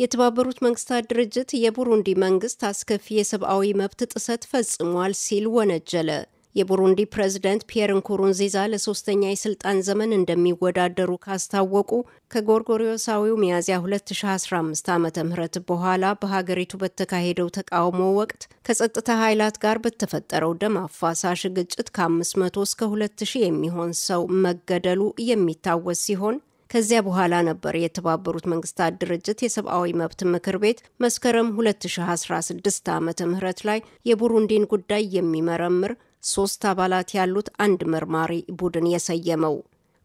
የተባበሩት መንግስታት ድርጅት የቡሩንዲ መንግስት አስከፊ የሰብአዊ መብት ጥሰት ፈጽሟል ሲል ወነጀለ። የቡሩንዲ ፕሬዝደንት ፒየር ንኩሩንዚዛ ለሶስተኛ የስልጣን ዘመን እንደሚወዳደሩ ካስታወቁ ከጎርጎሪዮሳዊው ሚያዝያ 2015 ዓ ም በኋላ በሀገሪቱ በተካሄደው ተቃውሞ ወቅት ከጸጥታ ኃይላት ጋር በተፈጠረው ደም አፋሳሽ ግጭት ከ500 እስከ 2000 የሚሆን ሰው መገደሉ የሚታወስ ሲሆን ከዚያ በኋላ ነበር የተባበሩት መንግስታት ድርጅት የሰብአዊ መብት ምክር ቤት መስከረም 2016 ዓ ም ላይ የቡሩንዲን ጉዳይ የሚመረምር ሶስት አባላት ያሉት አንድ መርማሪ ቡድን የሰየመው።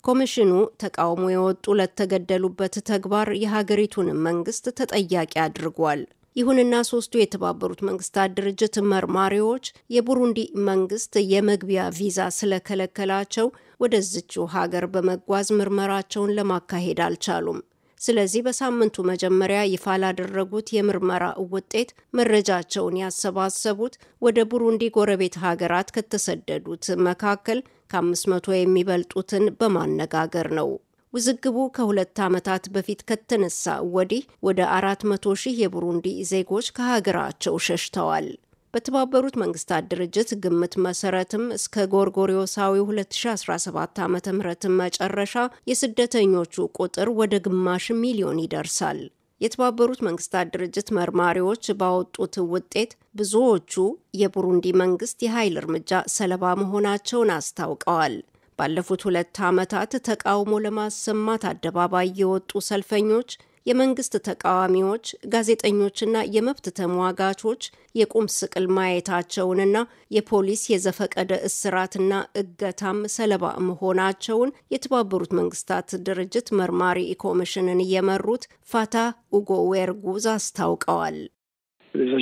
ኮሚሽኑ ተቃውሞ የወጡ ለተገደሉበት ተግባር የሀገሪቱን መንግስት ተጠያቂ አድርጓል። ይሁንና ሶስቱ የተባበሩት መንግስታት ድርጅት መርማሪዎች የቡሩንዲ መንግስት የመግቢያ ቪዛ ስለከለከላቸው ወደዝቹ ሀገር በመጓዝ ምርመራቸውን ለማካሄድ አልቻሉም። ስለዚህ በሳምንቱ መጀመሪያ ይፋ ላደረጉት የምርመራ ውጤት መረጃቸውን ያሰባሰቡት ወደ ቡሩንዲ ጎረቤት ሀገራት ከተሰደዱት መካከል ከአምስት መቶ የሚበልጡትን በማነጋገር ነው። ውዝግቡ ከሁለት ዓመታት በፊት ከተነሳ ወዲህ ወደ አራት መቶ ሺህ የቡሩንዲ ዜጎች ከሀገራቸው ሸሽተዋል። በተባበሩት መንግስታት ድርጅት ግምት መሰረትም እስከ ጎርጎሪዮሳዊ 2017 ዓ ም መጨረሻ የስደተኞቹ ቁጥር ወደ ግማሽ ሚሊዮን ይደርሳል። የተባበሩት መንግስታት ድርጅት መርማሪዎች ባወጡት ውጤት ብዙዎቹ የቡሩንዲ መንግስት የኃይል እርምጃ ሰለባ መሆናቸውን አስታውቀዋል። ባለፉት ሁለት ዓመታት ተቃውሞ ለማሰማት አደባባይ የወጡ ሰልፈኞች የመንግስት ተቃዋሚዎች፣ ጋዜጠኞችና የመብት ተሟጋቾች የቁም ስቅል ማየታቸውንና የፖሊስ የዘፈቀደ እስራትና እገታም ሰለባ መሆናቸውን የተባበሩት መንግስታት ድርጅት መርማሪ ኮሚሽንን የመሩት ፋታ ኡጎ አስታውቀዋል። Euh,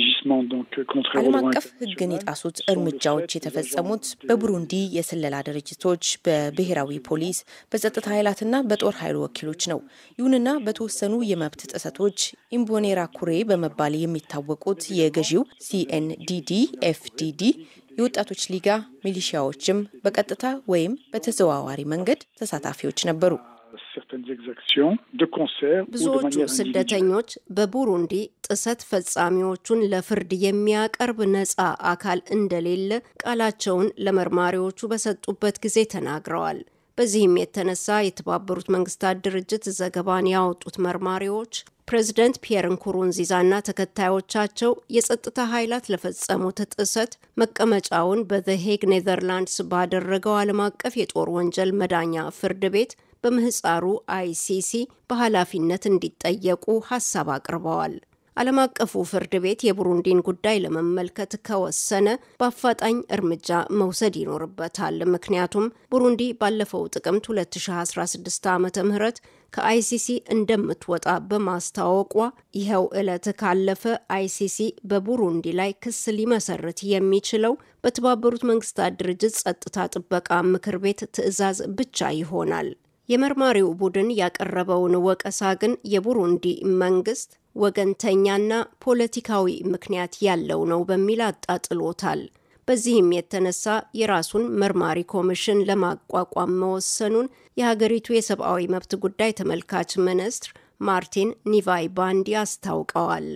ዓለም አቀፍ ሕግን የጣሱት እርምጃዎች የተፈጸሙት በቡሩንዲ የስለላ ድርጅቶች፣ በብሔራዊ ፖሊስ፣ በጸጥታ ኃይላትና በጦር ኃይል ወኪሎች ነው። ይሁንና በተወሰኑ የመብት ጥሰቶች ኢምቦኔራ ኩሬ በመባል የሚታወቁት የገዢው ሲኤንዲዲ ኤፍዲዲ የወጣቶች ሊጋ ሚሊሺያዎችም በቀጥታ ወይም በተዘዋዋሪ መንገድ ተሳታፊዎች ነበሩ። ብዙዎቹ ስደተኞች በቡሩንዲ ጥሰት ፈጻሚዎቹን ለፍርድ የሚያቀርብ ነጻ አካል እንደሌለ ቃላቸውን ለመርማሪዎቹ በሰጡበት ጊዜ ተናግረዋል። በዚህም የተነሳ የተባበሩት መንግስታት ድርጅት ዘገባን ያወጡት መርማሪዎች ፕሬዚደንት ፒየር ንኩሩንዚዛና ተከታዮቻቸው የጸጥታ ኃይላት ለፈጸሙት ጥሰት መቀመጫውን በዘሄግ ኔዘርላንድስ ባደረገው ዓለም አቀፍ የጦር ወንጀል መዳኛ ፍርድ ቤት በምህፃሩ አይሲሲ በኃላፊነት እንዲጠየቁ ሀሳብ አቅርበዋል። ዓለም አቀፉ ፍርድ ቤት የቡሩንዲን ጉዳይ ለመመልከት ከወሰነ በአፋጣኝ እርምጃ መውሰድ ይኖርበታል። ምክንያቱም ቡሩንዲ ባለፈው ጥቅምት 2016 ዓ ም ከአይሲሲ እንደምትወጣ በማስታወቋ ይኸው ዕለት ካለፈ አይሲሲ በቡሩንዲ ላይ ክስ ሊመሰርት የሚችለው በተባበሩት መንግስታት ድርጅት ጸጥታ ጥበቃ ምክር ቤት ትዕዛዝ ብቻ ይሆናል። የመርማሪው ቡድን ያቀረበውን ወቀሳ ግን የቡሩንዲ መንግስት ወገንተኛና ፖለቲካዊ ምክንያት ያለው ነው በሚል አጣጥሎታል። በዚህም የተነሳ የራሱን መርማሪ ኮሚሽን ለማቋቋም መወሰኑን የሀገሪቱ የሰብአዊ መብት ጉዳይ ተመልካች ሚኒስትር ማርቲን ኒቫይ ባንዲ አስታውቀዋል።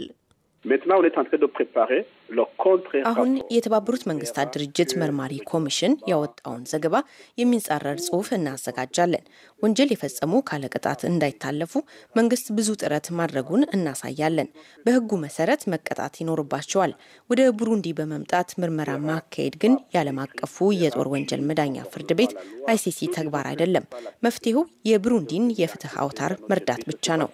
አሁን የተባበሩት መንግስታት ድርጅት መርማሪ ኮሚሽን ያወጣውን ዘገባ የሚጻረር ጽሑፍ እናዘጋጃለን። ወንጀል የፈጸሙ ካለቅጣት እንዳይታለፉ መንግስት ብዙ ጥረት ማድረጉን እናሳያለን። በህጉ መሰረት መቀጣት ይኖርባቸዋል። ወደ ቡሩንዲ በመምጣት ምርመራ ማካሄድ ግን የዓለም አቀፉ የጦር ወንጀል መዳኛ ፍርድ ቤት አይሲሲ ተግባር አይደለም። መፍትሄው የብሩንዲን የፍትህ አውታር መርዳት ብቻ ነው።